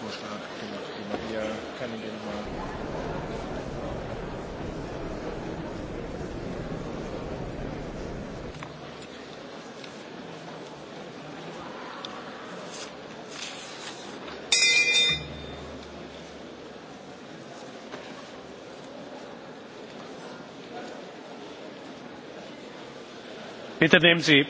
Vorschlag gemacht, die Maria kann den mal bitte nehmen sie